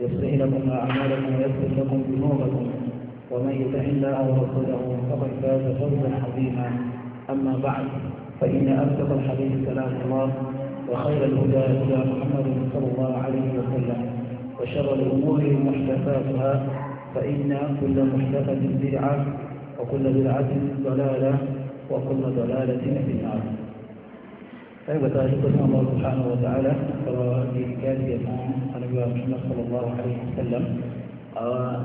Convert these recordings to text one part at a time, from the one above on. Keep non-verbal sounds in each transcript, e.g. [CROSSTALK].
يصلح لكم أعمالكم ويغفر لكم ذنوبكم ومن يطع الله ورسوله فقد فاز فوزا عظيما أما بعد فإن أصدق الحديث كلام الله وخير الهدى هدى محمد صلى الله عليه وسلم وشر الأمور محدثاتها فإن كل محدثة بدعة وكل بدعة ضلالة وكل ضلالة في النار أيوة تعالى الله سبحانه وتعالى فهو في يكون àdúgbò àtúnṣe sọlọ́wọ́ àlẹ́ ìṣẹ̀lẹ̀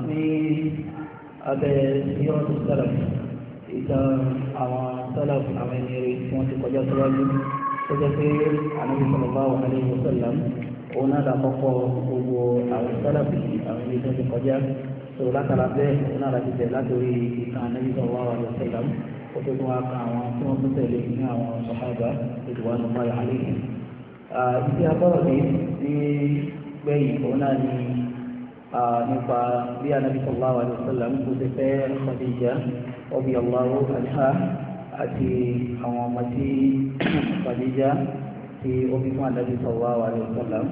ní abẹ́ yọ̀ọ́ tó sọ̀rọ̀ ìtàn àwọn sọ̀rọ̀ àwọn ẹni rẹ̀ tí wọ́n ti kọjá síwájú tó jẹ́ pé ànábi sọlọ́wọ́ àlẹ́ ìṣẹ̀lẹ̀ òun náà dàkọ́kọ́ gbogbo àwọn sọ̀rọ̀ àwọn ẹni tó ti kọjá sọ̀rọ̀ látara bẹ́ẹ̀ òun náà láti bẹ̀ látòrí ìtàn ànábi sọlọ́wọ́ àlẹ́ ìṣẹ̀lẹ̀ kótó tó wá ka àwọn tí wọ́n tún tẹ̀lé ní gbẹ̀yìn òun náà ni nípa bí anabi sallallahu alayhi wa sallam kò ti fẹ́ Obi radiyallahu anha àti àwọn ọmọ tí [COUGHS] Khadija ti omi fún anabi sallallahu alayhi wa sallam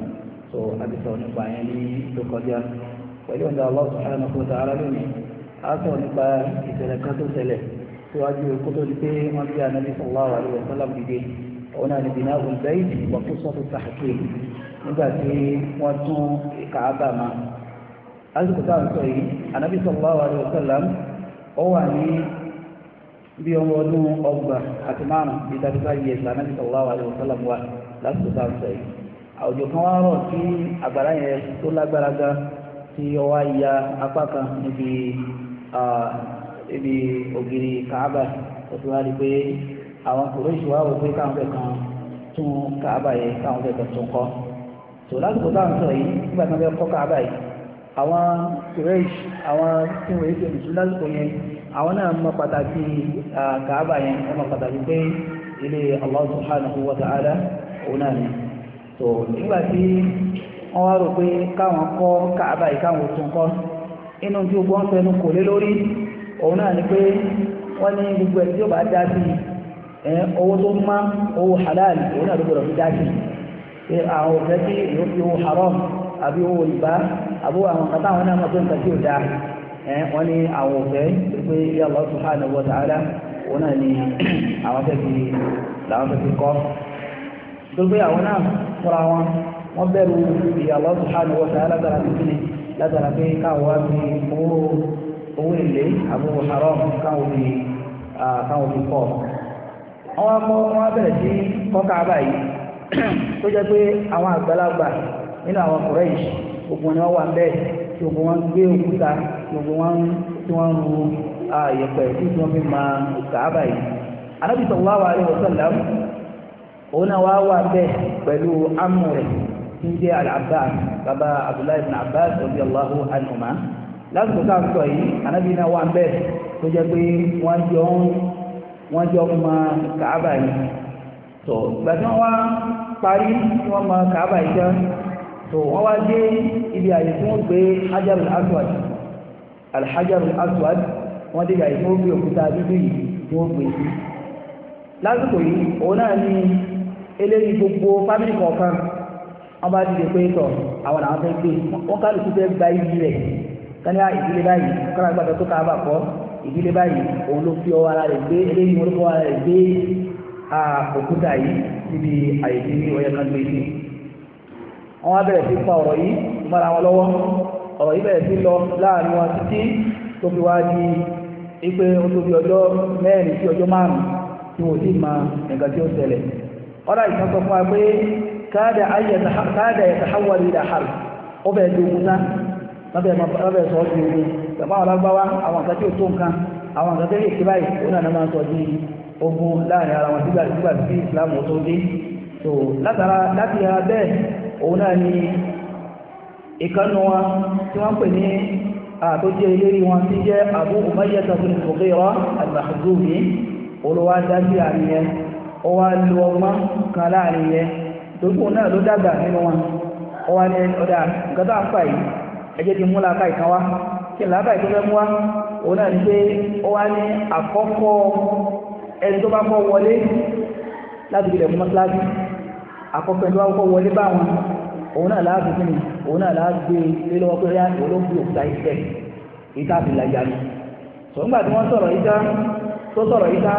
so abisọ nípa yẹn ní lókọjá pẹ̀lú ọ̀dọ̀ Allah subhanahu wa ta'ala lónìí a sọ nípa ìṣẹ̀lẹ̀ kan tó ṣẹlẹ̀ síwájú kótó di pé wọ́n bí anabi sallallahu alayhi wa sallam dìde òun náà ní bìnnà olùdáyìí wàkú sọ́tò sàkè nígbà tí wọ́n tún kàábà máa lásìkò táà ń sọ yìí anábì sallallahu alaihi wasallam ó wà ní bí ọmọ ọdún ọgbà àti márùn bí thirty five years anábì sallallahu alaihi wasallam wà lásìkò táà ń sọ yìí àwùjọ kan wá rọ̀ tí àgbàrá yẹn tó lágbára gan tí ó wá ya apá kan níbi ibi ògiri kàábà ó ti wá rí pé àwọn kòrèṣù wa wò pé káwọn fẹ́ kan tún káàbà yẹn káwọn fẹ́ kan tún kọ́ tó lásìkò táwọn sọ yìí nígbà tí wọ́n fẹ́ kọ́ káàbà yìí àwọn kòrèṣù àwọn tí wọ́n ṣe mùsùlùmí lásìkò yẹn àwọn náà mọ pàtàkì káàbà yẹn wọ́n mọ pàtàkì pé ilé wa òun náà ni tó nígbà tí owó tó ń má owó halal òun náà ló gbọdọ̀ fi dáàkì pé àwọn òfẹ́ tí yóò fi owó haram àbí owó ìbá àbó àwọn kàtà àwọn náà máa tó ń tàkì òdà wọ́n ní àwọn òfẹ́ pé yà Allah subhanahu wa ta'ala òun náà ni [CLEARS THROAT] àwọn fẹ́ fi làwọn fẹ́ fi kọ́ tó pé àwọn náà fúnra wọn wọ́n bẹ̀rù ìyà Allah subhanahu wa ta'ala látara pé kíni látara pé káwọn wá fi owó owó èlé àbó haram káwọn fi kọ́ ọ̀ àwọn akọ wọn abẹ̀rẹ̀ sí kọ́ka abáyé tó jẹ́ pé àwọn àgbàlagbà nínú àwọn ọkùnrin yìí gbogbo ni wọ́n wà bẹ́ẹ̀ tí gbogbo wọn gbé òkúta gbogbo wọn tí wọ́n ru àyẹ̀pẹ̀ tí wọ́n fi máa kà abáyé. anábì sallallahu alaihi wasallam òun náà wá wà bẹ́ẹ̀ pẹ̀lú amú rẹ̀ tí ń jẹ́ Abdullahi Abbas lásìkò yìí bẹ́ẹ̀ tó jẹ́ pé wọ́n jọ ń wọ́n jọ mọ kàábà yìí tó ìgbà tí wọ́n wá parí tí wọ́n mọ kàábà yìí tán tó wọ́n wá dé ibi àyè tí wọ́n gbé hajar al-aswad alhajar al-aswad wọ́n dé àyè tí wọ́n gbé òkúta dúdú yìí tí wọ́n gbé sí lásìkò yìí òun náà ni eléyìí gbogbo fámìlì kọ̀ọ̀kan wọ́n bá dìde pé tọ̀ àwọn làwọn fẹ́ gbé wọ́n kálukú fẹ́ gba ibi rẹ̀ kánìyà ah, ìdílé báyìí kọ́nà gbàgbọ́ tó kàábà kọ́ ìdílé báyìí òun ló fi ọwọ́ ara rẹ̀ gbé eléyìí wọn ló fọwọ́ ara rẹ̀ gbé òkúta yìí síbi àyè tí ọyẹ kan gbé sí. wọ́n wá bẹ̀rẹ̀ sí pa ọ̀rọ̀ yìí mọ́ra wọn lọ́wọ́ ọ̀rọ̀ yìí bẹ̀rẹ̀ sí lọ láàrin wọn títí tó fi wá di ipe olóbi ọjọ́ mẹ́rin sí ọjọ́ márùn-ún tí wọ́n sì mọ nǹkan tí ó ṣẹlẹ̀. ọ̀rọ̀ ìtàn sọ fún wa pé káàdà ẹ̀yẹ tàhàwọ̀ bàbá àwọn alágbáwá àwọn àgbà tí ó tó nǹkan àwọn àgbà tí ó lè ṣe báyìí ó náà máa ń sọ ogun láàrin ara wọn sígbà sígbà sí islam tó dé so látara láti ara bẹ́ẹ̀ òun náà ni ìkànnù wọn tí wọ́n pè ní àtòjẹ ìlérí wọn tí jẹ́ Abu Umayyah bin Mughira al-Makhzumi olùwà dájú àárín yẹn ó wá lu ọgbọ́n kan láàrin yẹn torípò náà ló dàgbà nínú wọn ó wá ọ̀dà nǹkan tó à ń fà yìí ẹ jẹ́ kí n ìkan wá kí n lábàá ìtọ́fẹ́ mú wa òun náà ni pé ó wá ní àkọ́kọ́ ẹni tó bá kọ́ wọlé láti ilẹ̀ fún mọ́sálásí àkọ́kọ́ ẹni tó bá kọ́ wọlé bá wọn òun náà láàbù kí ni òun náà láàbù gbé lé lọ́wọ́ pé yá olóògbé òkúta ìfẹ́ ìta àti ìlàjà ni sọ̀ngbà tí wọ́n sọ̀rọ̀ ìta tó sọ̀rọ̀ ìta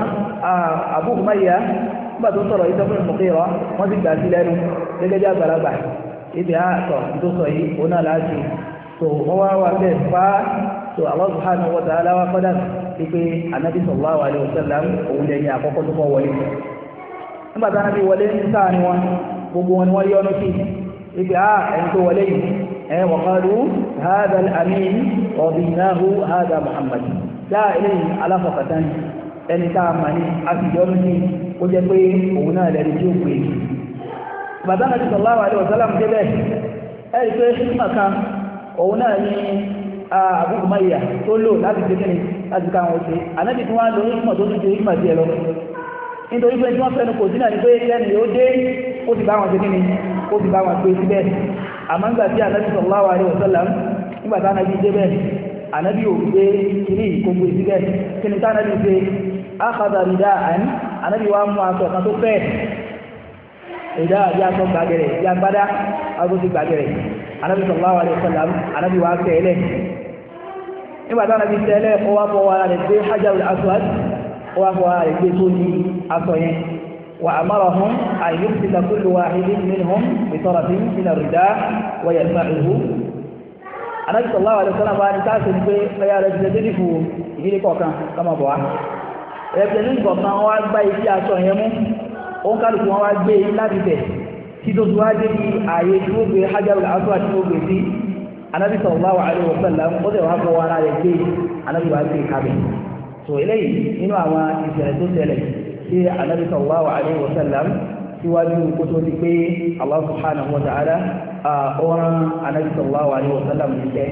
àbúkù máyà nígbà tó sọ̀rọ̀ ìta fún ìmọ̀kéyọ̀ wọ́n sì gbà sí lẹ́nu gẹ́gẹ́ bí àgbàlagbà ibi àtọ̀ tó sọ yìí òun náà láàbù tó wọ́n wá wà bẹ́ẹ̀ fá tó Allah subhanahu wa ta'ala wa kọ́dà pípé anabi sallallahu alaihi wasallam òun lè yẹ àkọ́kọ́ tó kọ́ wọlé nígbà tí anabi wọlé ń sáà ni wọn gbogbo wọn ni wọn yọnu sí ibi a ah, ẹni tó wọlé yìí ẹ wọ́n kọ́lu hada al-amin ọ̀bìnnahu hada muhammad láà eléyìí aláfọ̀kàtà ni ẹni tá a mà ní a sì ó jẹ́ pé òun náà lẹ́ni tí ó pè é bàtà náà ti sallallahu alaihi wasallam débẹ̀ òun náà ní àbúrò mayà tó lò láti ṣe kíni láti ká àwọn òṣèré ànábì tí wọ́n lo ìmọ̀ tó tún ṣe ìmọ̀ sí ẹ lọ nítorí pé tí wọ́n fẹnu kò sí náà ni pé lẹ́nu yóò dé ó ti bá wọn ṣe kíni ó ti bá wọn pé síbẹ̀ àmọ́ nígbà tí ànábì sallallahu alaihi wasallam nígbà tí ànábì dé bẹ́ẹ̀ ànábì ò gbé kiri ìkógbé síbẹ̀ kí ni tí ànábì ṣe akhadha rida'an ànábì wa mú aṣọ kan tó fẹ́ẹ̀ ìdá àbí aṣọ gbàgẹ̀rẹ̀ ìdí agbádá agbóṣe gbàgẹ̀rẹ̀ anabi sallallahu alayhi wa sallam anabi wa tẹ̀lé nígbà tí anabi tẹ̀lé ó wá fọwọ́ ara rẹ̀ gbé hajarul aswad ó wá fọwọ́ ara rẹ̀ gbé tó ní aṣọ yẹn wa amarahum an yumsika kullu wahidin minhum bi tarafin min ar-ridaa wa yarfa'uhu anabi sallallahu alayhi wa sallam wa ni taasi ni pé ọya ti tẹ̀lé fún ìdílé kọ̀ọ̀kan kọ́mọ bọ̀ wá rẹ̀ ti tẹ̀lé kọ̀ọ̀kan wọ́n wá gbá ibi aṣọ yẹn mú ó ń kálukú wọn wá gbé e láti tí tó wá dé ní ààyè tí ó gbé hajarul aswad tí ó gbé sí anabi sallallahu alaihi wasallam ó sì wá fọ ara rẹ̀ gbé anabi wá gbé kábẹ̀ tó eléyìí nínú àwọn ìṣẹ̀lẹ̀ tó ṣẹlẹ̀ sí anabi sallallahu alaihi wasallam síwájú kó tó di pé Allah subhanahu wa ta'ala ọ̀ràn anabi sallallahu alaihi wasallam ní sẹ́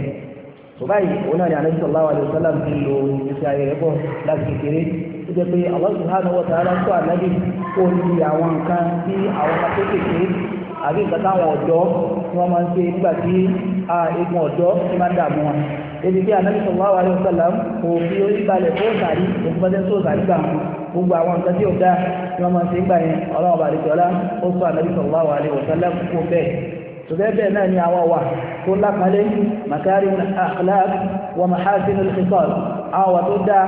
tó báyìí òun náà ni anabi sallallahu alaihi wasallam ti lo ìṣe tó pé Allah subhanahu wa ta'ala tó ànábì kó ní àwọn nǹkan tí àwọn ọmọ tó kékeré àbí nǹkan táwọn ọ̀dọ́ tí wọ́n máa ń ṣe nígbà tí egun ọ̀dọ́ ti máa ń dààmú wọn ebi tí anabi sallallahu alayhi wa sallam kò fi orí balẹ̀ fún sàrí òkúbọ́dé tó sàrí gbà wọn gbogbo àwọn nǹkan tí ó dá ni wọ́n máa ń ṣe gbà yẹn ọlọ́run bàdìjọ́lá ó sọ anabi sallallahu alayhi wa sallam kó bẹ́ẹ̀ tùbẹ́bẹ́ náà ni àwọn wà tó lápàlẹ́ makari akhlaq wa mahasin al-khisal àwọn wà tó dá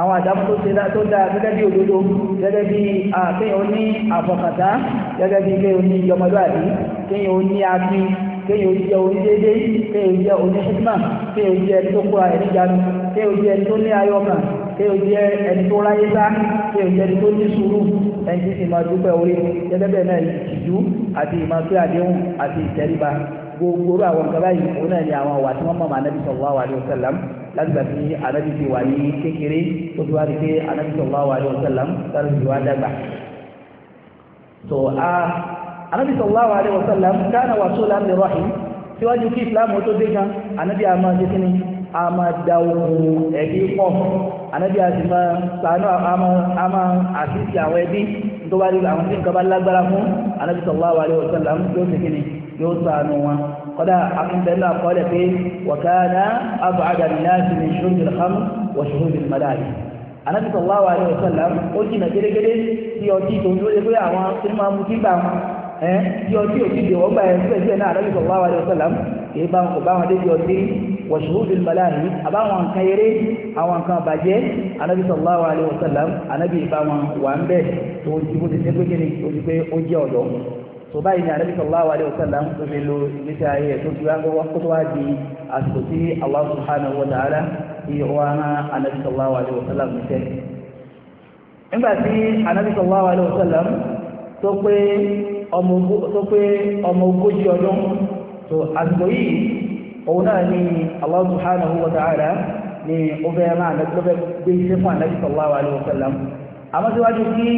àwọn àdámọ́ tó dá gẹ́gẹ́ bí òdodo gẹ́gẹ́ bí kéèyàn ní àfọkàtà gẹ́gẹ́ bí kéèyàn ní yọmọdúàdì kéèyàn ní afi kéèyàn jẹ́ onídéédé kéèyàn jẹ́ oníṣẹ́gbà kéèyàn jẹ́ tó kóra ẹ̀ níjànú kéèyàn jẹ́ tó ní ayọ́kàn kí o jẹ́ ẹni tó ráyé sá kí o jẹ́ ẹni tó ní sùúrù ẹni tí sì máa dúpẹ́ orí gẹ́gẹ́ bẹ́ẹ̀ náà ìtìjú àti ìmọ̀pẹ́ àdéhùn àti ìtẹríba gbogbo àwọn nǹkan báyìí òun náà ni àwọn àwà tí wọ́n mọ̀ ànábì sallallahu alaihi wasallam láti gbà tí ànábì ti wà ní kékeré tó fi wá di pé ànábì sallallahu alaihi wasallam sáré ti wá dàgbà. tó a ànábì sallallahu alaihi wasallam kana wasulan ànábì àti máa sànú àmà àtìsí àwọn ẹbí tó bá rí àwọn tí nǹkan bá lágbára fún ànábì sallallahu alaihi wasallam yóò ṣe kíni yóò sànú wọn kọ́dà akíntẹ́lá kọ́lẹ̀ pé wàkánà ab'ada an-nas min shurbi al-khamr wa shurubi al-madari ànábì sallallahu alaihi wasallam ó jìnà gédégédé tí ọtí tó ń dúró pé àwọn tí máa mú kí gbà wọn ẹ tí ọtí òkìdè wọ́n gbà ẹ síbẹ̀síbẹ̀ náà ànábì sallallahu alaihi wasallam kì í bá wọn kò bá ọtí wàṣúhùdù màláhì àbáwọn nǹkan eré àwọn nǹkan bàjẹ́ anábì sallallahu alayhi wa sallam anábì ìbáwọn wà ń bẹ̀ tó ti bó ti ṣe pé kíni o ti pé ó jẹ́ ọ̀dọ́ tó báyìí ni anábì sallallahu alayhi wa sallam tó fi lo ìgbésẹ̀ ayé ẹ̀ tó ti wá kó tó wá di àsìkò tí Allah subhanahu wa ta'ala ti wá ná anábì sallallahu alayhi wa sallam níṣẹ́ nígbà tí anábì sallallahu alayhi wa sallam tó ọmọ ogójì ọdún tó àsìkò òun náà ni Allah subhanahu wa ta'ala ni ó fẹ́ rán ànábì ló fẹ́ gbé iṣẹ́ fún ànábì sallallahu alaihi wa sallam àmọ́ síwájú kí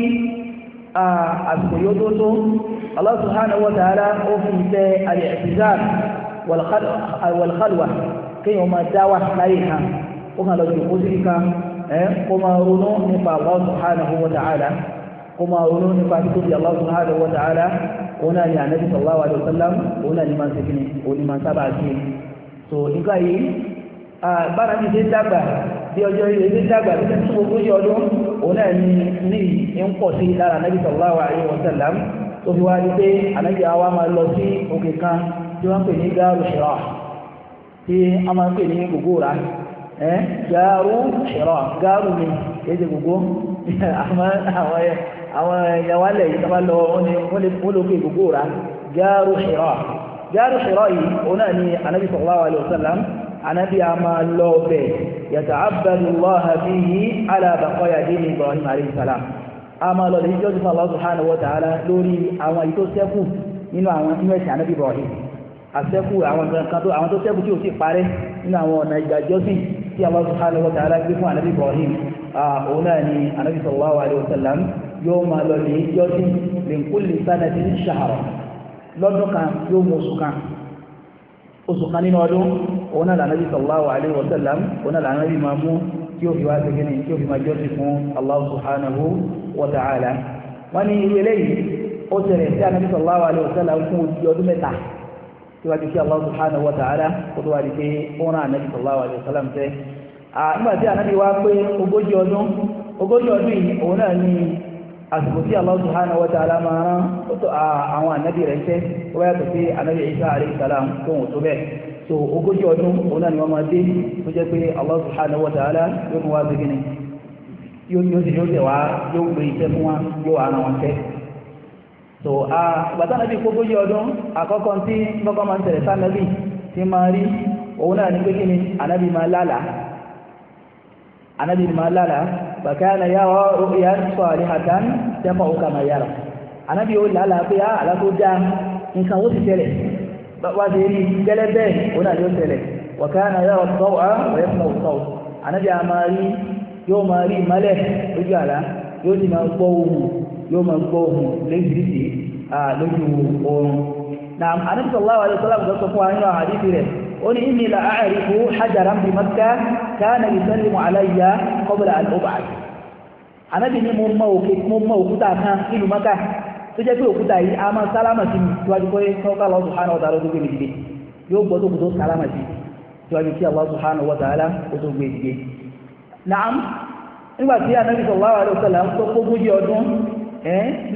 àsìkò yóò tó tó Allah subhanahu wa ta'ala ó fi iṣẹ́ al-i'tizal wal khalwa kéèyàn máa dá wà láyé kan ó kàn lọ sí òkú sí kan kó máa ronú nípa Allah subhanahu wa ta'ala kó máa ronú nípa títóbi Allah subhanahu náà ni ànábì sallallahu náà ni tó nǹkan yìí bára mi ṣe dàgbà bí ọjọ́ ilé ṣe dàgbà bí ṣe tó ogójì ọdún òun náà ní ní ń pọ̀ sí lára anábì sallallahu alaihi wasallam tó fi wá rí pé anábì àwa máa lọ sí òkè kan tí wọ́n pè ní gáàrú ṣẹ̀rọ̀ tí a máa pè ní gbogbo rà ẹ́ gáàrú ṣẹ̀rọ̀ gáàrú ni èyí ṣe gbogbo [LAUGHS] àwọn ìyàwó alẹ̀ yìí tó bá lọ wọ́n lè gbogbo rà gáàrú ṣẹ̀rọ̀ jáàrù ṣìrọ́ yìí òun náà ni anabi sallallahu alayhi wa sallam anabi a máa lọ bẹ̀ yàtà abdullah abiyi alábàkọ́yà dínì ibrahim alayhi salam a máa lọ lẹ́yìn jọ́sùn allah subhanahu wa ta'ala lórí àwọn èyí tó sẹ́kù nínú àwọn inú ẹ̀sìn anabi ibrahim àsẹ́kù àwọn kan tó àwọn tó sẹ́kù tí ò sì parẹ́ nínú àwọn ọ̀nà ìgbàjọ́sìn tí allah subhanahu wa ta'ala gbé fún anabi ibrahim òun náà ni anabi sallallahu alayhi wa yóò máa lọ lẹ́yìn jọ́sùn lẹ́kùn lè sánà lọ́dún kan yóò mú oṣù kan oṣù kan nínú ọdún òun náà lànàbí sallallahu alayhi wa sallam òun náà lànàbí máa mú tí ó fi wá sí kíni tí ó fi máa jọ́sìn fún Allah subhanahu wa ta'ala wọ́n ní ilé eléyìí ó tẹ̀lé sí ànàbí sallallahu alayhi wa fún oṣù ọdún mẹ́ta síwájú sí Allah subhanahu wa ta'ala kó tó wá di pé ó rán ànàbí sallallahu alayhi wa tẹ́ nígbà tí ànàbí wá pé ogójì ọdún ogójì ọdún yìí òun náà ní àsìkò tí Allah subhanahu wa ta'ala máa rán àwọn ànábì rẹ̀ ṣẹ́ ó bá yàtọ̀ sí ànábì Isa alayhi salam tó ń tó bẹ́ẹ̀ so ogójì ọdún òun náà ni wọ́n máa dé tó jẹ́ pé Allah subhanahu wa ta'ala yóò mú wá sí gíní yóò yóò sì yóò tẹ̀wá yóò gbé iṣẹ́ fún wa yóò ara wọn fẹ́ so bàtà nàbí ogójì ọdún àkọ́kọ́ tí bọ́kọ́ máa ń tẹ̀lé sànàbì ti máa rí òun náà ní pé kíni ànábì máa lálàá anabi ma lala fakana yara ru'yan salihatan tafa kama yara anabi o lala pe a ala to da nǹkan ó ti ṣẹlẹ̀ wa de ni gele be o na yo ṣẹlẹ̀ wa kana yara dawa wa yasma sawt anabi amari yo mari male o jala yo ti ma gbọ́ ohùn yo ma gbọ́ ohùn le jirisi a lójú orun na anabi sallallahu alaihi wasallam sọ fún wa nínú hadithi rẹ̀ قل إني لا أعرف حجرا بمكة كان يسلم علي قبل أن أبعث Ànábì ní mo mọ òkè mo mọ òkúta kan nílùú Mákà tó jẹ́ pé òkúta yìí a máa sálámà sí mi síwájú pé sọ́kà lọ́sùn hánà ọ̀tà ló tó gbé mi dìde yóò gbọ́ tó kù tó sálámà sí síwájú tí Allah subhanahu wa ta'ala ó tó gbé dìde. Naam nígbà tí Ànábì sallallahu alaihi wasallam tó kó ogójì ọdún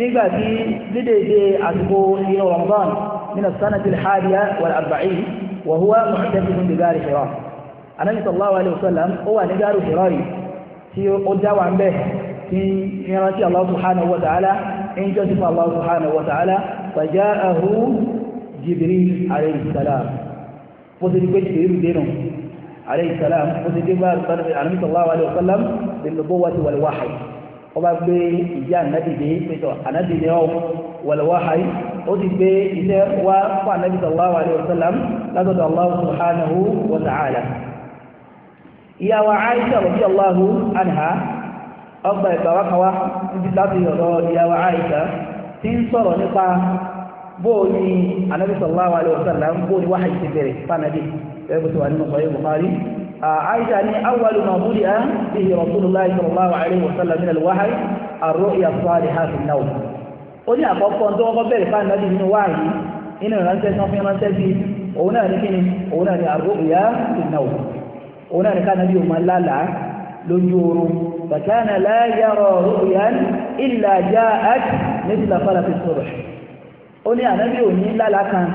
nígbà tí dídèdè àsìkò ìrọ̀ Ramadan min as-sanati al-hadiya wal-arba'in وهو معتكف بدار حراء النبي صلى الله عليه وسلم هو دار حراء tí ó dáwà ń bẹ́ tí ìrántí Allah subhanahu wa ta'ala in jọ sí fún Allah subhanahu wa ta'ala faja'ahu Jibril alayhi salam bó ti di pé Jibril dénú alayhi salam bó ti dé bá alamisallahu alayhi wa sallam bil nubuwwati wal wahyi ọba gbé ìdí ànábì dé pẹ̀tọ̀ ànábì ni ọ́ wàlúwà hayi ó ti gbé iṣẹ́ wá fún ànábì sallallahu alayhi wa sallam látọ̀dọ̀ Allah subhanahu wa ta'ala. ìyá wa Aisha radiyallahu anha ọgbà ìgbà wákàwá títí láti ọ̀dọ̀ ìyá wa Aisha ti ń sọ̀rọ̀ nípa bóò ni ànábì sallallahu alayhi wa sallam bóò ni ti bẹ̀rẹ̀ fún ànábì bẹ́ẹ̀ bó ti wà nínú sọ̀rọ̀ عائشة أن أول ما بدأ به رسول الله صلى الله عليه وسلم من الوحي الرؤيا الصالحة في النوم ó ní àkọ́kọ́ tó wọ́n bẹ̀rẹ̀ fáwọn nàbí nínú wáyé nínú ìránṣẹ́ tí wọ́n fi ránṣẹ́ sí òun náà ní kíni òun náà ní àrùbọ̀yà fi náà òun náà ní ká nàbí òun lálà lójú oorun bàtánà láyà rọ̀rùyà ìlàjà àti méjìlá fàlàfi sọ̀rọ̀ ó ní ànábì òní lálà kan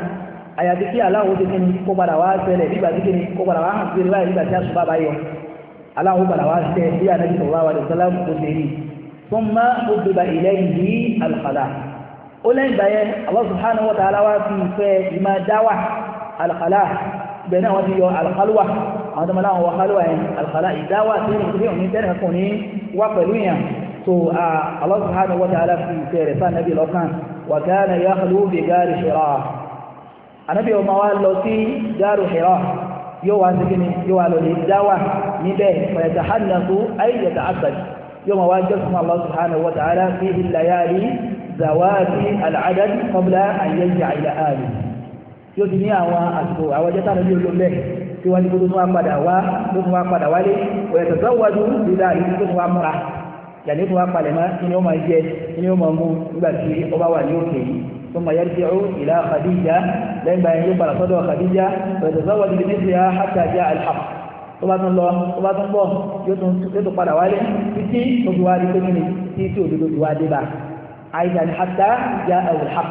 àyàfi kí aláwo ti kí ni kó padà wá ṣẹlẹ̀ nígbà tí kí ni kó padà wá hàn sí báyìí nígbà tí àṣùbà bá yọ aláwo padà wá ṣẹ bí anabi sallallahu alaihi wasallam kò ṣe rí thumma ubiba ilayhi alqada ó lẹ́yìn ìgbà yẹn Allah subhanahu wa ta'ala wá fi ìfẹ́ ìmá dáwà alqala bẹ́ẹ̀ náà wọ́n ti yọ alqalwa àwọn tọmọdé àwọn wàhálà yẹn alqala ìdáwà tí wọn kò ní òní fi ìfẹ́ rẹ̀ fún lọ́kàn wa kana ànábì ọmọ wa lọ sí dárò Hira yóò wá sí kíni yóò wá lọ lè dáwà níbẹ̀ ọ̀yàtà hànàkú ayélujáta àbàdì yóò máa wá jọ́sìn fún Allah subhanahu wa ta'ala fi ìlàyàrí zawati al'adad qabla an yarji'a ila ahlihi yóò ti ní àwọn àsìkò àwọn ọjọ́ táwọn yóò lò bẹ́ẹ̀ tí wọ́n ní kó tó wá padà wá tó tún wá padà wálé ọ̀yàtà sáwájú ìlà yìí tó tó wá palẹ̀ mọ́ ثم يرجع إلى خديجة لما يقبل صدر خديجة فيتزوج بمثلها حتى جاء الحق tó bá tún lọ tó bá tún bọ̀ yóò tún padà wálé títí tó fi wá rí pé kíni títí òdodo ti wá dé bá àìsàn ni hatta jaa al-haqq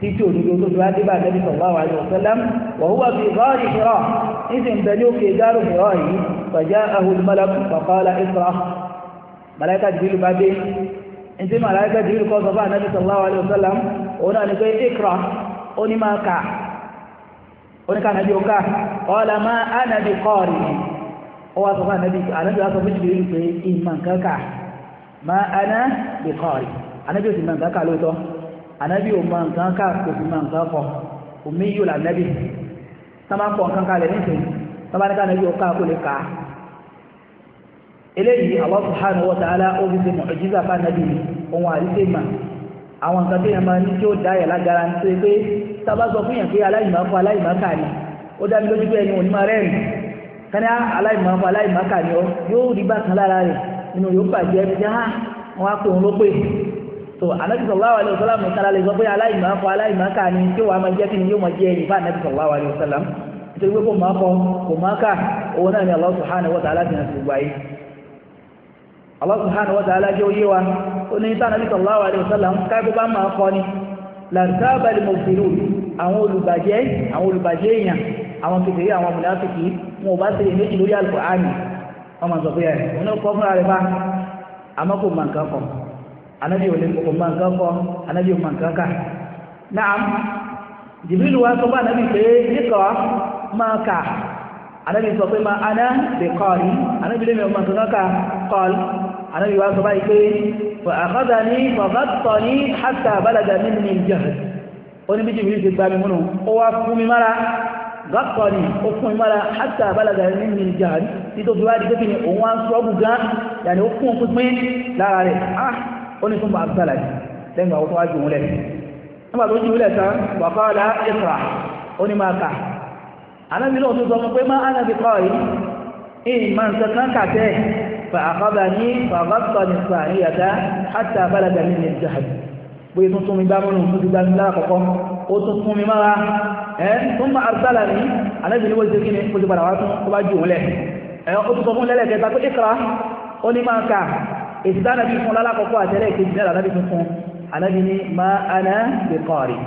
títí òdodo tó fi wá dé bá Nabi sallallahu alaihi wasallam wa huwa fi ghari Hira níṣẹ́ ń bẹ ní òkè gáàrú Hira yìí fa ja'ahu al-malak fa qala màláìka Jibril bá dé ntí màláíkà jìbìrì kọ́ sọ fún anabi sallallahu alayhi wa sallam òun náà ní pé ikra ó ní máa kà ó ní ká anabi ó kà qala ma ana bi qari ó wá sọ fún anabi anabi wá sọ fún jìbìrì pé ìmọ̀ nǹkan kà ma ana bi qari anabi ò sì mọ̀ nǹkan kà lóòótọ́ anabi ò mọ̀ nǹkan kà kò sì mọ̀ nǹkan kọ òmíyù lànàbì sábà ń pọ̀ nǹkan kà lẹ́ nísìnyí sábà ní ká anabi ó kà kó lè kà eléyìí Allah subhanahu wa ta'ala ó fi ṣe mọ̀ọ́jísà fáànàbí ohun àríṣe mà àwọn nǹkan tó yẹn máa ní tí ó dá yẹn lágara ń ṣe pé sábà sọ fún yẹn pé aláìmọ̀ fún aláìmọ̀ kà ní ó dá mi lójú pé ẹni òní máa rẹ́rìn kání aláìmọ̀ fún aláìmọ̀ kà ní ọ yóò rí bákan lára rẹ̀ nínú yóò bàjẹ́ ẹni jẹ́ hàn wọ́n á pè òun ló pè so anabi sallallahu alayhi wa Allah subhanahu wa ta'ala jẹ́ oyé wa ó ní sáà nàbí sallallahu alayhi wa sallam káàkó bá máa kọ́ ni làǹtàbà lè mọ̀sílù àwọn olùbàjẹ́ àwọn olùbàjẹ́ èèyàn àwọn kékeré àwọn mùnàfíkì wọn ò bá ṣe èméjì lórí Al-Qur'ani wọn máa sọ pé ẹ wọn náà kọ́ fúnra rẹ̀ bá àmọ́ kò máa nǹkan kọ́ anabi ò lè kò máa nǹkan kọ́ anabi ò máa nǹkan ká naam Jibrilu wa sọ fún anabi pé níkọ̀ máa kà anabi sọ pé máa aná lè kọ́ ọ̀rí anabi lè mẹ́wàá máa nǹkan ká kọ́ ọ̀rí ànábi wa sọ báyìí pé àkọ́dà ní fàfàtọ̀ ní hàtà balaga nínú ní jahad ó ní bí jìbìrì ti gba mi múnú ó wá fún mi mára gàtọ̀ ní ó fún mi mára hàtà balaga nínú ní jahad títí ó fi wá di pépé ní òun wá ń sọ́ọ̀bù gan yàní ó fún un pínpín lára rẹ̀ ah فأخذني فغطني الثانية حتى بلغ مني الجهد بيت صومي بامن وصومي بامن لا قوم وصومي صومي ما ثم أرسلني أنا بني وزكيني قلت بلا واسم وباجي له قلت صومي لا لك تقول اقرأ قولي ما كا إذا نبي صلى الله عليه وسلم أتلاقي كذا نبي صوم أنا بني ما أنا بقاري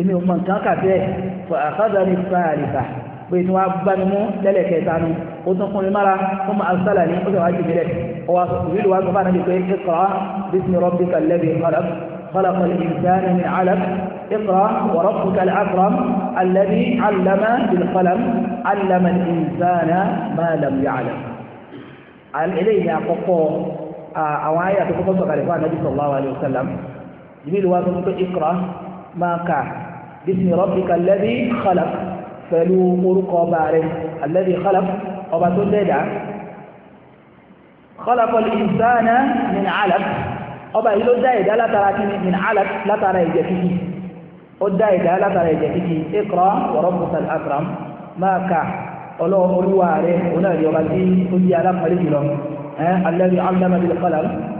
إني أمان كان كذا فأخذني الثالثة pé tí wọ́n bá mi mú lẹ́lẹ̀kẹta ni ó tún fún mi mára fún ma asálà ní ó sì wá jìbìlẹ̀ ọwọ́ ìlú wa gbọ́dọ̀ níbi pé iqra bismi rabbika alladhi khalaq خلق الإنسان من علق اقرأ وربك الأكرم الذي علم بالقلم علم الإنسان ما لم يعلم eléyìí àkọ́kọ́ àwọn ayé àtọ́kọ́kọ́ sọ̀kalẹ̀ fún anabi sallallahu alayhi wa sallam jibiru wa pẹ̀lú orúkọ ọba rẹ̀ alladhi khalaq ọba tó dẹ́dà khalaqal insana min alaq ọba yìí ló dá ẹ̀dá látara kí min alaq látara ẹ̀jẹ̀ kíkì ó dá ẹ̀dá látara ẹ̀jẹ̀ kíkì iqra wa rabbukal akram máa kà ọlọ́wọ́ olúwa rẹ̀ onáàrí ọba tí ó di alápàlẹ́ jùlọ alladhi allama bil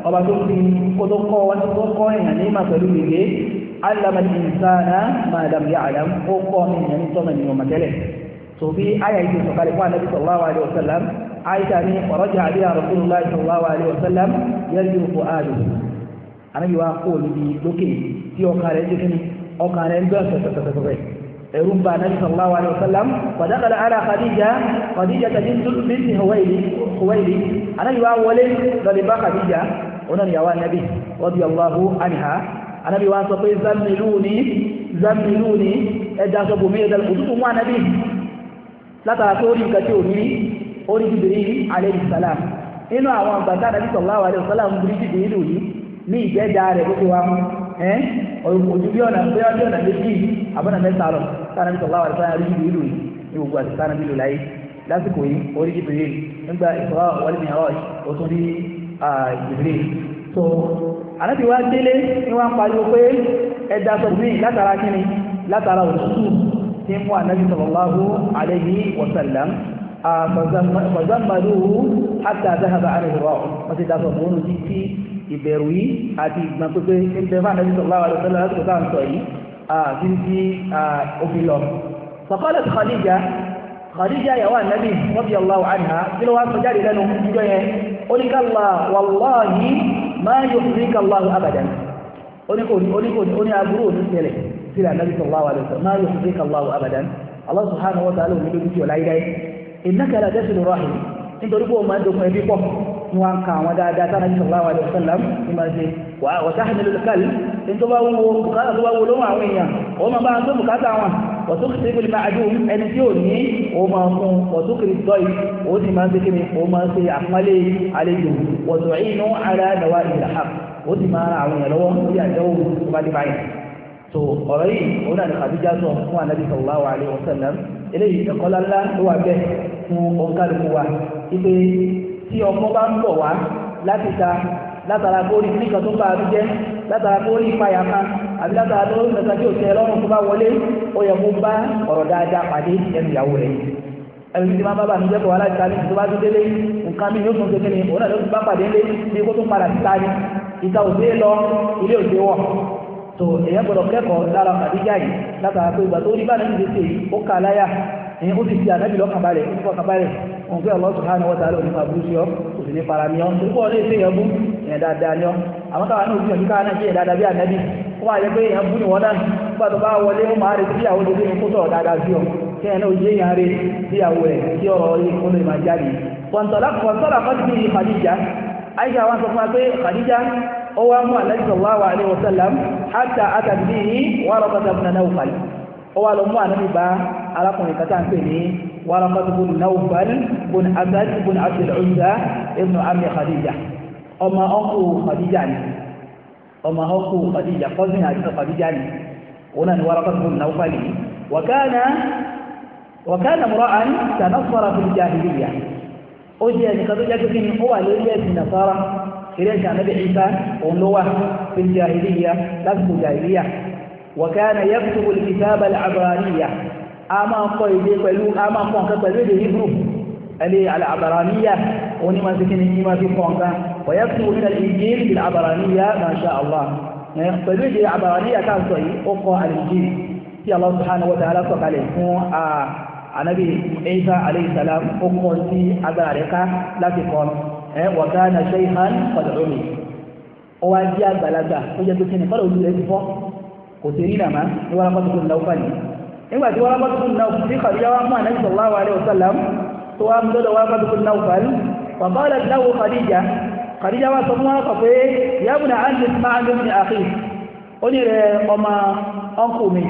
ọba tó fi kó kọ́ wọn tó kọ́ ẹ̀yàn ní ìmà pẹ̀lú alama ìsáná madam ya'lam ó kọ́ mi ìyẹn tọ́mọ ènìyàn mọ̀tẹ́lẹ̀ tó bí àyà yìí sọ̀kalẹ̀ fún anabi sallallahu alayhi wa sallam aisha ni ọ̀rọ̀jà àbí rasulullah sallallahu alayhi wa sallam yẹ́rù kó àdù anabi wa kó níbi lókè tí ọkàn rẹ̀ jẹ́ kíni ọkàn rẹ̀ ń gbọ́ sọ̀tọ̀tọ̀tọ̀tọ̀ ẹ̀rù ń ba anabi sallallahu alayhi wa sallam fadakala ala khadija khadija tàbí bíntì huwaili anabi wa wọlé lọ́lẹ̀ khadija ọ̀nà ìyàwó anabi radiyallahu anha anabi wa sọ pé zamiluni zamiluni ẹja sọ bòmí ẹja òtútù mú anabi látara pé ó rí nǹkan tí ò ní ó rí Jibril alayhi salam nínú àwọn àgbàtà anabi sallallahu alayhi wa sallam rí Jibril lò ní ní ìjẹ́jà rẹ̀ ló ti wá mú ẹ́ ojú bí ọ̀nà bí ọ̀nà méjì àbọ̀nà mẹ́ta lọ sára mi sallallahu alayhi wa sallam rí Jibril lò ní gbogbo àti sára lò láyé lásìkò yìí orí Jibril nígbà Isra wal Mi'raj so ànábì wá délé ní wọ́n pariwo pé ẹ̀dá sọ̀rọ̀mí látara kíni látara òtútù tí mú ànábì sallallahu alayhi wa sallam fàzàmàlúhu hatta dhahaba àrẹ̀wọ̀ wọ́n ti dáṣọ mọ́ ní títí ìbẹ̀rù yìí àti ìgbọ̀n pípé ń bẹ fún ànábì sallallahu alayhi wa sallam láti kò táà ń sọ yìí àti ti òfin lọ. sọ̀kọ́lẹ̀ Khadija Khadija yàwó ànábì anha kí ló wá sọ jáde lẹ́nu ìjọ yẹn máa yóò fi ká lọ́wọ́ abàdàn oní aburú òní tẹ̀lẹ̀ sí ànábì sallallahu alaihi wasallam máa yóò fi ká lọ́wọ́ abàdàn Allah subhanahu wa ta'ala òní lójú tí ó láyé innaka la tasilu rahim nítorí pé o máa ń dokun wọ̀túkìrì pẹ̀lú àdó ẹni tí ò ní o máa fún wọ̀túkìrì dọ́ì o sì máa ń ṣe kíni o máa ń ṣe àpọ́nlé àlejò wọ̀tọ̀ inú ara dàwa ìlàhà o sì máa ra àwọn èèyàn lọ́wọ́ lórí àdéhùn tó bá dé báyìí so ọ̀rọ̀ yìí òun náà ní Khadija sọ fún anabi sallallahu alayhi wa sallam eléyìí ẹ̀kọ́ lálá ló wà bẹ́ẹ̀ fún ọ̀nkálukú wa ipe tí ọmọ bá ń bọ̀ wá láti ta látara bóòlì níkan tó ń bá a jẹ́ látara bóòlì ìpayà kan àbí látara tó ń tẹ̀sán tí ò tẹ̀ lọ́rùn tó bá wọlé ó yẹ kó bá ọ̀rọ̀ dáadáa pàdé ẹnu ìyàwó rẹ̀ ẹni tí máa bá bàmí jẹ́ kó wàhálà ìta ní tó bá tún délé nǹkan mi yóò tún ṣe kíni òun náà ló bá pàdé lé bí kó tún padà síta ni ìta òde lọ ilé òde wọ̀ tó èyàn gbọdọ̀ kẹ́kọ̀ọ́ lára àdíjà yìí látara pé ìgbà tó rí báyìí níbi tèyí ó kà láyà ẹ̀yìn ó sì fi ànábì lọ́kànbalẹ̀ ó sì fọkànbalẹ̀ òun pé Allah subhanahu wa ta'ala nípa burúkú yọ kò sì ní fara mi ọ́ torí pé ọ̀lẹ́ ìṣe yẹn bú èèyàn dáadáa ní ọ àmọ́ káwa náà gbìyànjú káwa náà ṣe èèyàn dáadáa bí ànábì ó wà yẹ pé èèyàn bú ìwọ́n dànù nígbà tó bá wọlé ó máa retí ìyàwó tó gbìyànjú kó sọ̀rọ̀ dáadáa sí ọ kí èèyàn náà yé èèyàn rè sí ìyàwó rẹ̀ kí ọ̀rọ̀ yìí kó lè máa jáde. pọ̀ntọ̀lá kọ́ sí Khadija Aisha wa sọ fún wa pé Khadija ó wá mú Ànábì sallallahu alaihi wasallam hatta atat bihi Waraqata ibn Nawfal ó wá lọ ọmọ ọkọ Khadija ni ọmọ ọkọ Khadija kọ́sìn àdìsọ Khadija ni wọn náà ni Waraqah ibn Nawfal wàkánà wàkánà mura'an tanassara fil jahiliyya ó jẹ́ ẹnìkan tó jẹ́ kékeré ó wà lórí ẹ̀sìn nàfàrà إليك النبي عيسى أنوه في ma لفظ الجاهلية وكان يكتب الكتاب العبرانية أما قيدي قلو أما قنك قلو دي هبرو اللي على العبرانية ونما سكن إما في قنك ويكتب من الإنجيل بالعبرانية ما شاء الله pẹ̀lú èdè àbàràníyà tá à ń sọ yìí ó kọ àlìjírí tí Allah subhanahu wa ta'ala sọ̀kalẹ̀ fún ànábì Isa alayhi salam ó kọ sí agbára rẹ̀ ká láti kọ́ ẹ wa kana shaykhan qad ulima ó wá jẹ́ àgbàlagbà ó jẹ́ pé kọ́dọ̀ ojú rẹ̀ ti fọ́ kò sí rírà má ní wọ́n rákọ́ tuntun náà fani nígbà tí wọ́n rákọ́ tuntun náà fi kàdíyà wá mú ànábì sallallahu alayhi wa sallam tó wá mú lọ́dọ̀ wọ́n rákọ́ tuntun náà fani wà bá kàdíjà wá sọ fún wọn kọ pé yàbùnà àti máa ló ní àfi ó ní rẹ ọmọ ọkọ mi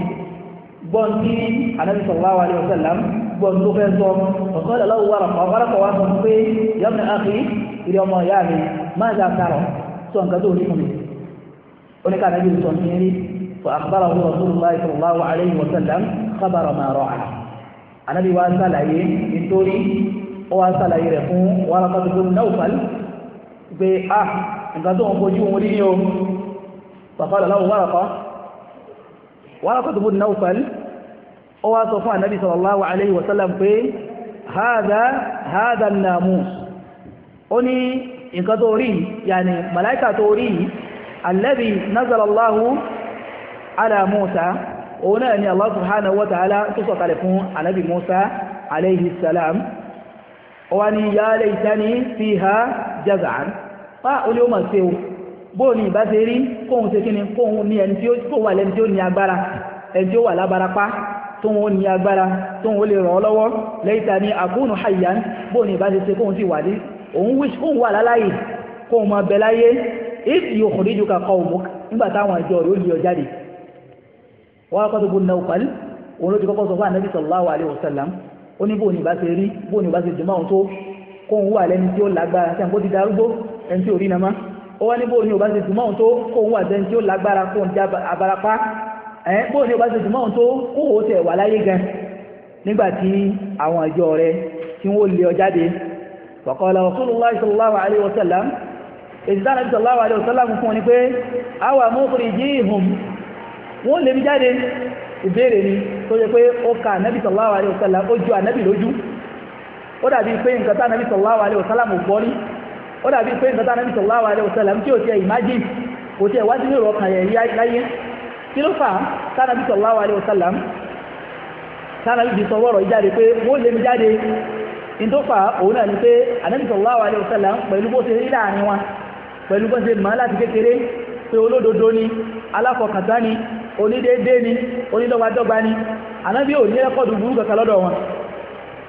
gbọ́n tí anabi sallallahu alaihi wasallam gbọ́n tó fẹ́ sọ ọ̀sán ìdàlọ́wọ́ wà rọ̀ ọ̀pọ̀ rọ̀ wá sọ pé yàbùnà àfi ìrẹ ọmọ ìyá mi máa dá sárọ̀ sọ nǹkan tó rí fún mi ó ní ká anabi sọ ní rí fún àkàbàrà wọn rasulullah sallallahu alaihi wasallam kábàrà máa rọ̀ àná anabi wá sàlàyé nítorí ó wá sàlàyé rẹ̀ fún wàrà pé a ah, nǹkan tó ń fojú wọn rí ní o bàbá aláwọ̀ wáràkọ́ wáràkọ́ tó bóde náà fẹ́lì ó wá sọ fún ànábì sallallahu alaihi wasallam pé hádà hádà nàmús ó ní nǹkan tó rí yàní màláìkà tó rí alladhi nazala ala Musa òun náà ni Allah subhanahu wa ta'ala tó sọ̀kalẹ̀ fún ànábì Musa alaihi salam ó wá ní ya laytani fiha àjàzà án wá olè ó mà ṣe o bóò ní ìbá ṣe rí kóhun ṣe kíni kóhun ní ẹni tí ó kó wà lẹni tí ó ní agbára ẹni tí ó wà lábarapá tóhun ó ní agbára tóhun ó lè ràn ọ́ lọ́wọ́ lẹ́yìn tá ní àkóhùn hayyan bóò ní ìbá ṣe ṣe kóhun ti wà ní òun wíṣ kóhun wà láláyè kóhun máa bẹ láyé èsì yukhrijuka qawmuk nígbà táwọn ìjọ rẹ̀ ó lè ọ jáde wọ́n kọ́ tó gbóná òpàlì òun ló ti kọ́kọ́ sọ fún ànábì sallallahu alaihi wasallam ó ní bóò ní ìbá ṣe rí bóò ní jùmọ́ kóhun wà lẹ́ni tí ó lágbára tí àpò ti darúgbó ẹni tí ò rí nàmá ó wá ní bóò ní o bá ṣe dùn máa tó kóhun wà lẹ́ni tí ó lágbára kóhun já abarapá ẹ̀ bóò ní o ṣe dùn máa tó kóhun ó tẹ̀ wà láyé gan nígbà tí àwọn ìjọ rẹ tí wọ́n lé ọ jáde wàkọ́lá rasulullah sallallahu alayhi wa sallam èyí tí ànábì sallallahu alayhi wa sallam fún ni pé àwa mukhrijihum wọ́n lè mi jáde ìbéèrè ni tó yẹ pé ó ka ànábì sallallahu alayhi wa sallam ó ju ànábì lójú ó dàbí pé nǹkan tá nàbí sallallahu alaihi wasallam ò gbọ́rí ó dàbí pé nǹkan tá nàbí sallallahu alaihi wasallam tí ò tiẹ̀ imagine kò tiẹ̀ wá sínú ìrọ̀ kan yẹ̀rí láyé kí ló fà á tá nàbí sallallahu alaihi wasallam tá nàbí fi sọ wọ́rọ̀ jáde pé wọ́n lé mi jáde ìtòfà òun náà ni pé ànábì sallallahu alaihi wasallam pẹ̀lú bó ṣe rí láàrin wa pẹ̀lú bó ṣe mọ́ láti kékeré pé olódodo ni aláfọkàntá ni onídéédé ni onídọ́gbadọ́gba ni ànábì ò ní rẹ́kọ̀dù burú kankan lọ́dọ̀ wọn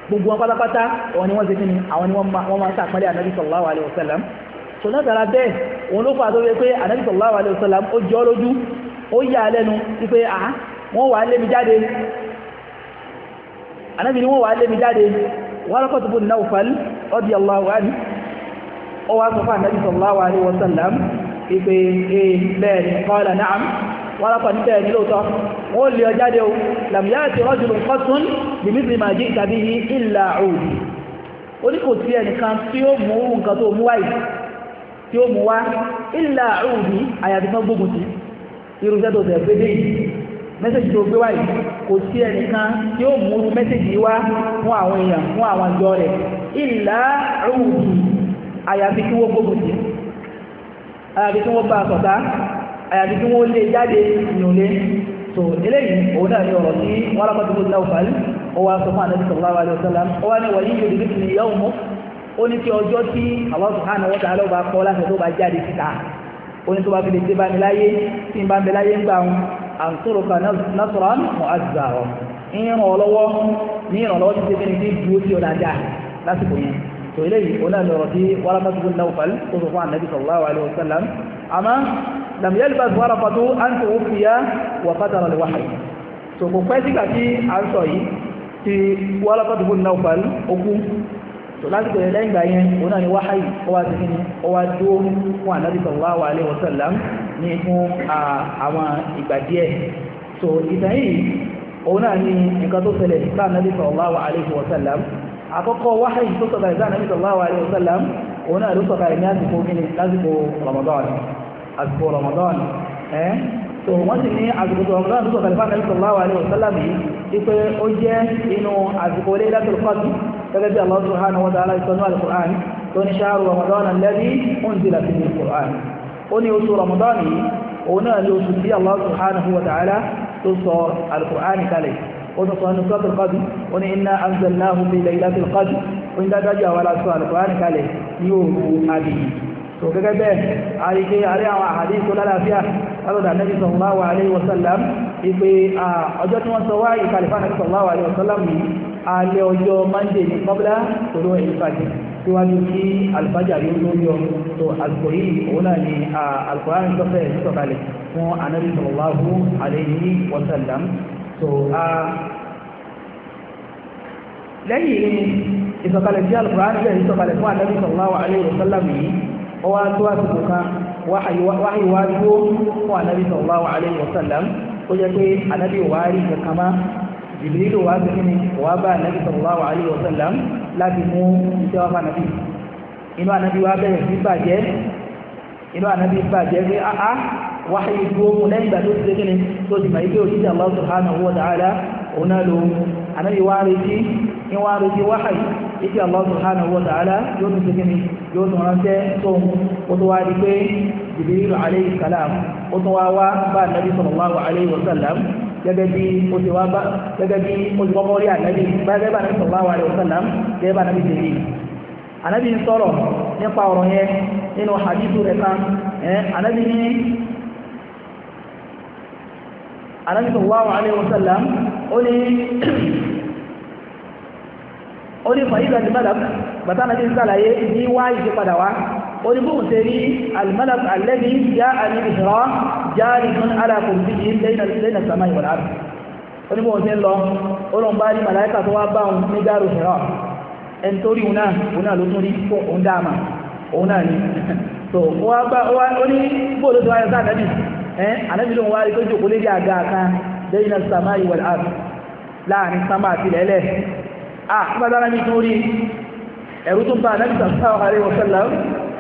gbogbo wọn pátápátá àwọn ni wọ́n ṣe kíni àwọn ni wọ́n máa ń sàpẹ́lẹ̀ ànábì sallallahu alayhi wa sallam tó látara bẹ́ẹ̀ òun ló fà tó wẹ́ pé ànábì sallallahu alayhi wa sallam ó jọ́ lójú ó yà á lẹ́nu wípé à wọ́n wà á lé mi jáde ànábì ni wọ́n wà á lé mi jáde Waraqatu bun Nawfal radiyallahu anhu ó wá sọ fún ànábì sallallahu alayhi wa sallam wípé ee eh, bẹ́ẹ̀ ni qala na'am wárápá ní tẹ́rẹ̀ ní lóòótọ́ wọ́n lè ọjáde o làmìyàtì rọ́jùlù kọ́tún bìbìbì máa jí ìtàbí yí ìlà òòrùn ó ní kò sí ẹnìkan tí ó mú nǹkan tó mú wáyìí tí ó mú wá ìlà òòrùn àyàfi kan gbógun sí irúfẹ́ tó tẹ̀ pé dé yìí mẹ́sẹ̀jì tó gbé àyàfi kí wọ́n lé jáde ìyọ̀lé tó eléyìí òun náà ní ọ̀rọ̀ tí wọ́n lápá tó gbóná òfàlì ó wá sọ fún ànábì sallallahu alaihi wasallam ó wá ní wọ̀nyí yóò dìbò ní ìyá òun ó ní kí ọjọ́ tí Allah subhanahu wa ta'ala bá kọ́ láti tó bá jáde síta ó ní tó bá fi lè dé bá mi láyé tí n bá ń bẹ láyé ń gbà wọn àǹtòròkà nasran mu'azza àmọ́ lam yalbas waraqatu an tuwuffiya wa qadara al-wahyi so kò pẹ́ sígbà tí a ń sọ yìí ti Waraqatu bun Nawfal okú so láti pẹ̀lẹ̀ lẹ́yìn ìgbà yẹn òun náà ni wahyi ó wá síkí ni ó wá dúó fún sallallahu alaihi Wasallam sallam ní fún àwọn ìgbà so ìtàn yìí òun ni nǹkan tó ṣẹlẹ̀ sí ànábì sallallahu alaihi Wasallam, sallam àkọ́kọ́ wahyi tó sọ̀tà sallallahu alaihi Wasallam, sallam òun náà ló sọ̀tà ìní àsìkò kí ni lásìkò Ramadan àsìkò Ramadan ẹ́ so wọ́n sì ní àsìkò Ramadan tó sọ̀kalẹ̀ fáwọn ẹ̀sìn sallallahu alaihi wasallam yìí wípé ó jẹ́ inú àsìkò Laylatul Qadr gẹ́gẹ́ bí Allah subhanahu wa ta'ala sọ ní al-Qur'an tó ní shahru Ramadan alladhi unzila fihi al-Qur'an ó ní oṣù Ramadan yìí òun náà ní oṣù tí Allah subhanahu wa ta'ala tó sọ al-Qur'an ó sọ ní Suratul Qadr ó ní inna anzalnahu fi Laylatil Qadr ó ní dájú àwọn aláṣọ al-Qur'an kalẹ̀ ní òru tó gẹ́gẹ́ bẹ́ẹ̀ àríké àrí àwọn àhàdí tó lálàáfíà látọ̀dà nẹ́bí sallallahu alaihi wasallam ìpè ọjọ́ tí wọ́n sọ wá ìkàlẹ̀ nẹ́bí sallallahu alaihi wasallam yìí alẹ́ ọjọ́ mọ́ndé ní kọ́bílá tòró ìfàjì síwájú kí alùpàjà yóò lórí ọ tó àsìkò yìí òun náà ni alùpàrán sọfẹ sọ̀kalẹ̀ fún anabi sallallahu alaihi wasallam tó a lẹ́yìn ìsọ̀kalẹ̀ tí alùpàrán sọfẹ sọ̀kalẹ̀ fún anabi sallallahu alaihi wasallam yìí ọwọ́ tó àsìkò kan wáhì wá dúró fún anabi sallallahu alayhi wa sallam ó jẹ́ pé anabi wà rí kankan má jìbìrìlù wà sí kíni wà bá anabi sallallahu alayhi wa sallam láti mú iṣẹ́ wá fún anabi inú anabi wá bẹ̀rẹ̀ sí bàjẹ́ inú anabi bàjẹ́ pé áá ah, ah, wáhì dúró mú lẹ́yìn ìgbà tó ti kíni tó ti mọ̀ ike òṣìṣẹ́ Allah subhanahu wa ta'ala òun náà lò ìdí Allah subhanahu wa ta'ala yóò tún ṣẹ́kẹ́ni yóò tún ránṣẹ́ tóun ó tún wá di pé Jibril alayhi salam ó tún wá wá bá Nabi sallallahu alayhi wa sallam gẹ́gẹ́ bí ó ti wá rí ànábì gẹ́gẹ́ bá Nabi sallallahu alayhi wa gẹ́gẹ́ bá Nabi ó ní fàyílù alimọ́làkù bàtà nàbí sàlàyé ní wá ìṣípadà wá ó ní bóun ṣe rí alimọ́làkù alẹ́bí já àní ìṣòro já nìkan alákòóbí yìí lẹ́yìn sàmà ìwọ̀lá ó ní bóun ṣe ń lọ ó lọ bá rí màláìkà tó wá bá òun ní gáàrú ìṣòro ẹni tó rí òun náà òun náà ló tún rí fún òun dáàmà òun náà ni [LAUGHS] so wọ́n bá ó ní bóòlù tó wáyé sáà nàbí ẹ́ ànábì lóun wá rí tó jòkó lé ah gbàdára mi tó rí ẹ̀rú tó bá anábì sallallahu alaihi wasallam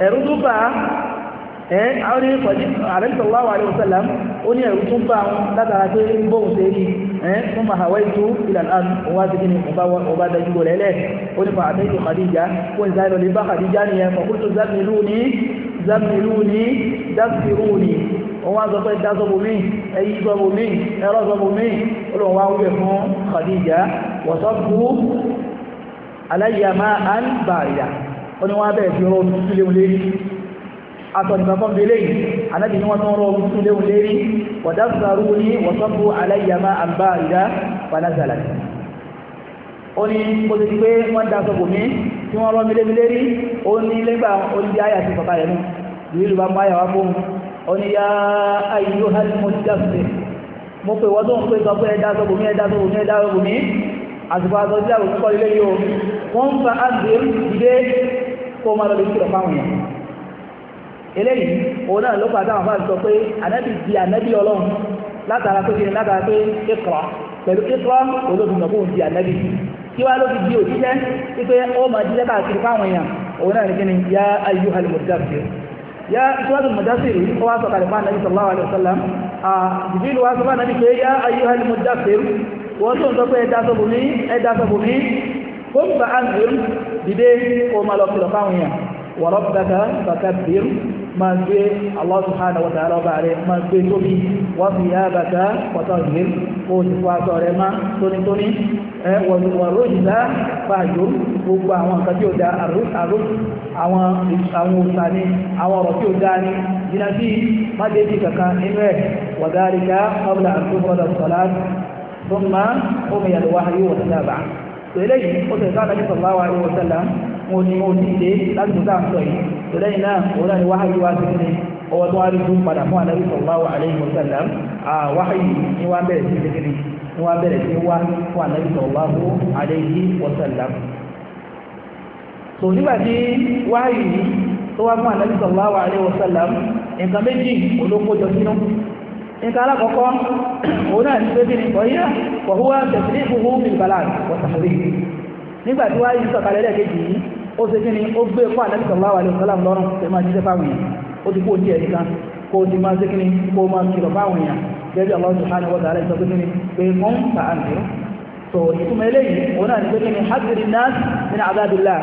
ẹ̀rú tó bá ẹ̀ àwọn ní pẹ̀lú anábì sallallahu alaihi wasallam ó ní ẹ̀rú tó bá wọn látara pé bóun ṣe rí ẹ̀ fún mahawai tó ilà àn wá sí kíni ọba dájú bò lẹ́lẹ̀ ó ní fàtẹ́ tó Khadija ó ní sáyẹn lọ lè aláyàmá à ń bà ìyà ó ní wọ́n bẹ̀rẹ̀ sí rọ omi tútù léwu lérí aṣọ nìkan kan fi léyìn anábì ni wọ́n tún rọ omi tútù léwu lérí wọ̀dá sàrú ní wọ̀sọ́fù aláyàmá à ń bà ìyà fanazala ó ní mo ti pé wọ́n da aṣọ bò mí tí wọ́n rọ mi léwu lérí ó ní lẹ́gbàá ó bí àyà ti bàbá rẹ̀ nù ìlú bá máa yàwá fóun ó ní yá ayé mo ti dá mo pè wọ́n tó ń pè sọ pé ẹ dá sọ bò ẹ dá sọ bò ẹ dá sọ bò àsìkò àtọ́jú àwọn olùkọ́ ilé yìí o wọ́n ń fa azir ìdílé kó máa lọ lè kírọ̀ fáwọn yẹn eléyìí òun náà ló pa táwọn afáàlì sọ pé ànábì di ànábì ọlọ́run látara pé kiri látara pé iqra pẹ̀lú iqra olóògùn náà kóun di ànábì kí wá ló fi di òjíṣẹ́ wípé ó máa jíṣẹ́ káàkiri fáwọn èèyàn òun náà ní kí ni ya ayyuhal mudaththir ya ìṣúwádùn mudaththir ó wá sọ kàlẹ́ fún ànábì sallallahu alaihi wasallam wọ́n tó ń sọ pé ẹ̀dá sọ́bù mí ẹ̀dá sọ́bù mí ó ń fa ángel dìde kó máa lọ kìlọ̀ fáwọn èèyàn wọ̀rọ̀ bàtà bàtà bìr máa gbé Allah subhanahu wa ta'ala ọba rẹ̀ máa gbé tóbi wọ́n fi yá bàtà pọ̀tọ́ ìgbé kó o ti fọ aṣọ rẹ̀ má tónítóní ẹ wọ̀rọ̀ ìdá fàájò gbogbo àwọn nǹkan tí ó da àrò àwọn òòsà ni àwọn ọ̀rọ̀ tí ó da ni jìnnà bíi má dé bí kankan nínú ẹ̀ wàdáríkà ọ̀bùnà àti ثم أمي الوحي واتبع إليه قلت قال النبي صلى الله عليه وسلم موني موني لي لا تدعم سوي إلينا ولا الوحي واسكني هو طالب قد أمو النبي صلى الله عليه وسلم آه وحي نوان بلد سكني نوان بلد نوان النبي صلى الله عليه وسلم so nígbà tí wáyé yìí tó wá fún ànábì sallallahu alaihi wasallam nǹkan méjì olókójọ sínú nǹkan alákọ̀ọ́kọ́ òun náà ní pé kí ni bọ̀yá wọ̀húwá tẹ̀sílẹ̀ ìfúnfún mi ìbàlá wọ̀tàrí nígbà tí wáyé sọ̀kalẹ̀ lẹ́ẹ̀kejì yìí ó ṣe kí ni ó gbé fún ànábì sallallahu alaihi wasallam lọ́rùn pé máa jíṣẹ́ fáwọn èèyàn ó ti kó ojú ẹ̀rí kan kó o Allah subhanahu wa ta'ala sọ pé kí ni pé wọ́n ń fa àǹtí so ìtumọ̀ eléyìí òun náà ní pé kí ni hadiri nas min azabillah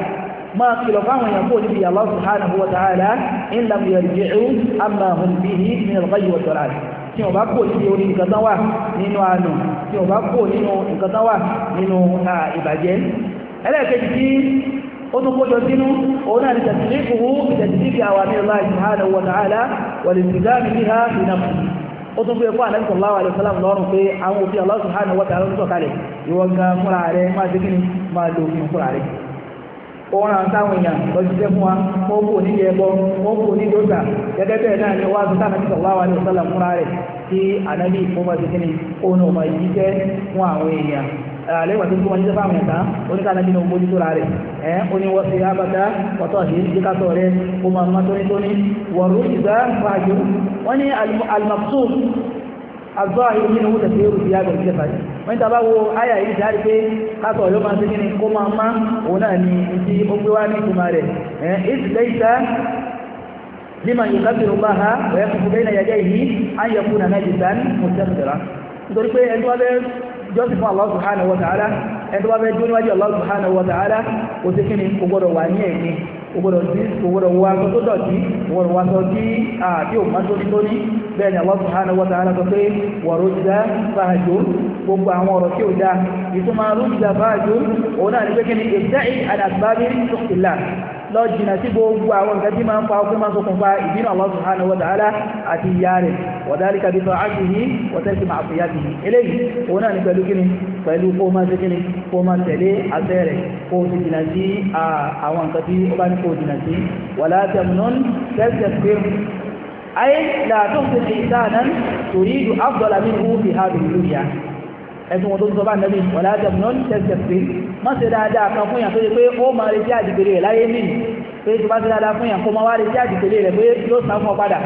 máa kìlọ̀ fáwọn èèyàn kó o Allah subhanahu wa ta'ala in lam yarji'u amma hum min al-ghayyi wa tí wọ́n bá kò nínú orí nǹkan tán wà nínú àánú tí wọ́n bá kò nínú nǹkan tán wà nínú ìbàjẹ́ ẹlẹ́ẹ̀kejì tí ó tún kójọ sínú òun náà ni tẹ̀sílíkùú tẹ̀sílíkì awamirillahi subhanahu wa ta'ala wal-iltizami biha fi nafsihi ó tún fẹ́ fún àlẹ́sọ̀ láwà àlẹ́ sálàmù lọ́rùn pé àwọn òfin Allah subhanahu wa ta'ala ń ìwọ̀n gan fúnra rẹ̀ máa ṣe kí ni máa lo òfin fúnra rẹ̀ ọ̀ràn táwọn èèyàn lọ jíṣẹ́ fún wa wọ́n kò ní ẹbọ wọ́n kò ní lóògbà gẹ́gẹ́ bẹ́ẹ̀ náà ni wọ́n á sọ sáà nàbí sallallahu alaihi wasallam fúnra rẹ̀ tí ànábì ìfowópamọ́ ti kíni òun ò mọ̀ jíṣẹ́ fún àwọn èèyàn lẹ́wọ̀n tó ń wọ́n jíṣẹ́ fáwọn ẹ̀ta oníkàlá nínú mójútó ra rẹ̀ ẹ́ ó ní wọ́n fi ọ̀tọ̀ yìí jíká tọ̀ rẹ̀ ó tónítóní wọ̀rú ìgbà fàájú wọ́n ní alimaktum الظاهر منه تفسير زيادة الجسد وانت بقى آية يجي عارف ايه خاصة يوم ما سجن كما ما وناني انت أمواني كماري إذ ليس لمن يكبر الله ويقف بين يديه أن يكون نجسا مستقدرا nítorí pé ẹni wá bẹ́ jọ́sìn fún Allah subhanahu wa ta'ala ẹni wá bẹ́ jó níwájú Allah subhanahu wa ta'ala kò sí kí ni kò gbọ́dọ̀ wà ní ẹ̀mí ògbọ́dọ̀ sí ògbọ́dọ̀ wọ aṣọ tó dọ̀tí ògbọ́dọ̀ wọ aṣọ tí àti òmá tónítóní bẹ́ẹ̀ ni Allah subhanahu wa ta'ala sọ pé warujza fahjur gbogbo àwọn ọ̀rọ̀ tí ó dá ìtumọ̀ rujza fahjur òun náà ní pé kí ni ìdáì àdàbábí tó lọ jìnà sí gbogbo àwọn nǹkan tí máa ń fa ọgbẹ́ máa ṣokùnfà ìbínú Allah subhanahu wa ta'ala àti ìyá rẹ̀ wọ̀dálíkà bí sọ́ọ́ àgbìyí wọ́tẹ́sì máa fi yá bìyí eléyìí òun náà ní pẹ̀lú kíni pẹ̀lú kó máa ṣe kíni kó máa tẹ̀lé abẹ́ rẹ̀ kó ti jìnà sí àwọn nǹkan tí ó bá ní kó jìnà sí wàlá tẹ̀mùnún tẹ́sẹ̀ pé ayé làtúnṣe ẹ̀sùn wọn tó sọ bá nẹ́bí wọ̀lá tẹ̀mínọ́ tẹ̀sẹ̀sẹ̀ má ṣe dáadáa kan fún yàn tó yẹ pé ó máa retí àdìgbèrè rẹ̀ láyé nìyí pé tó bá ṣe dáadáa fún yàn kó máa wá retí àdìgbèrè rẹ̀ pé yóò sá fún ọ padà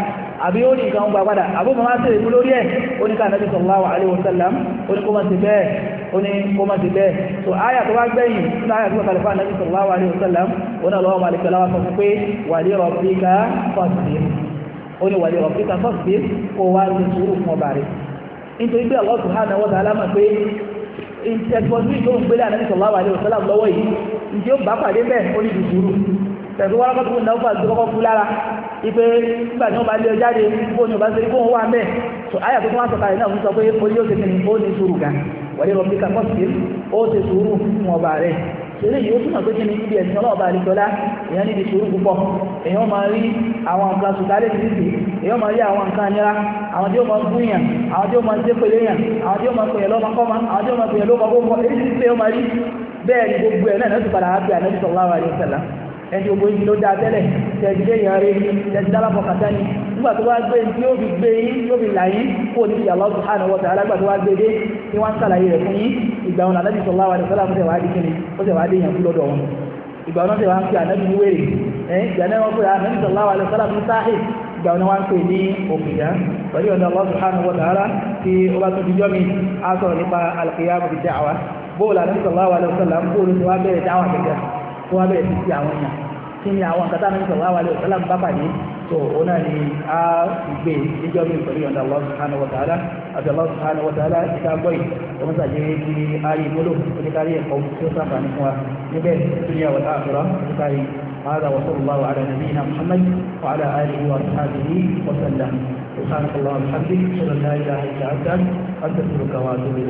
àbí ó ní nǹkan gbà padà àbó máa ṣe èkú lórí ẹ̀ ó ní ká nẹ́bí sallallahu alaihi wasallam ó ní kó máa ṣe bẹ́ẹ̀ ó ní kó máa ṣe bẹ́ẹ̀ tó àyà tó bá gbẹ̀yìn nínú àyà tó bá kalẹ̀ fún ànẹ́bí sallallahu alaihi wasallam ó náà lọ́wọ́ màlìkà láwa sọ fún pé wa li rabbika fasbir ó ní wa li rabbika fasbir kó wá ní sùúrù fún ọba nítorí pé Allah subhanahu wa ta'ala mọ̀ pé ẹ̀fọ́sí tó ń gbélé ànábì sallallahu alaihi wasallam lọ́wọ́ yìí ǹjẹ́ ó bá pàdé bẹ́ẹ̀ ó ní ìdùsùrù tẹ̀sí wọ́n kọ́ tó ń náwó àti kọ́kọ́ fún lára ipe nígbà tí wọ́n bá lé ọ e jáde bó ni ò bá ṣe kó wọn wà mẹ́ẹ̀ tó ayà tó wọ́n sọ̀kalẹ̀ náà ń sọ pé ó yóò ṣe kí ni ó ní sùúrù gan wọ́n lọ bí kakọ́ ó ṣe sùúrù fún ọba rẹ̀ eléyìí ó túmọ̀ pé kí ni ibi ẹ̀sìn ọlọ́ọ̀bá àlejòlá èèyàn níbi sùúrù púpọ̀ èèyàn máa rí àwọn nǹkan sùtálẹ̀ títì èèyàn máa rí àwọn nǹkan nira àwọn tí ó máa ń gún yàn àwọn tí ó máa ń dé pèlè yàn àwọn tí ó máa ń pèyàn lọ́mọkọ́mọ àwọn tí ó máa ń pèyàn lọ́mọkọ́mọ èyí ti pé ó máa rí bẹ́ẹ̀ ni gbogbo ẹ̀ náà lọ́sì padà á pè àlẹ́ sallallahu alaihi ẹni gbogbo yìí ló dáa tẹ́lẹ̀ tẹ̀sílẹ̀ yàn rẹ̀ tẹ̀sí dálápọ̀ kàtá ni nígbà tó wá gbé tí ó fi gbé yín tí ó fi là yín kó o ní ìyàlọ́ subhanahu wa ta'ala nígbà tó wá gbé dé tí wọ́n ń sàlàyé rẹ̀ fún yín ìgbà wọn lànàbí sọlá wa lọ́sọ́lá fún tẹ̀wá díkì ni ó tẹ̀wá dé yàn lọ́dọ̀ wọn ìgbà wọn tẹ̀wá ń pè ànábì ní wèrè ẹ̀ ìgbà náà wọn pè ànábì sọlá wa lọ́sọ́lá fún sáhì ìgbà wọn wọn pè ní òkìyà pẹ̀lú ọ̀dọ̀ Allah subhanahu wa ta'ala tí ó bá tún dijọ́ mi á nípa al-qiyam bi da'wa bóòlù ànábì sọlá wa lọ́sọ́lá bóòlù tí wọ́n bẹ̀rẹ̀ dáwà gẹ́gẹ́ tí wọ́n kí ni àwọn nǹkan tá a ní sọ̀rọ̀ àwọn àlẹ́ òṣèlú bá pàdé tó òun náà ni a gbé níjọ́ mi pẹ̀lú ọ̀dà Allah subhanahu wa àti Allah subhanahu wa ta'ala ìta gbọ́ yìí òun sàjẹ́ kí a rí gbóló oníkárí ẹ̀kọ́ tí ó sàǹfààní fún wa níbẹ̀ tó ní àwọn àkùrọ̀ oníkárí هذا وصلى الله على نبينا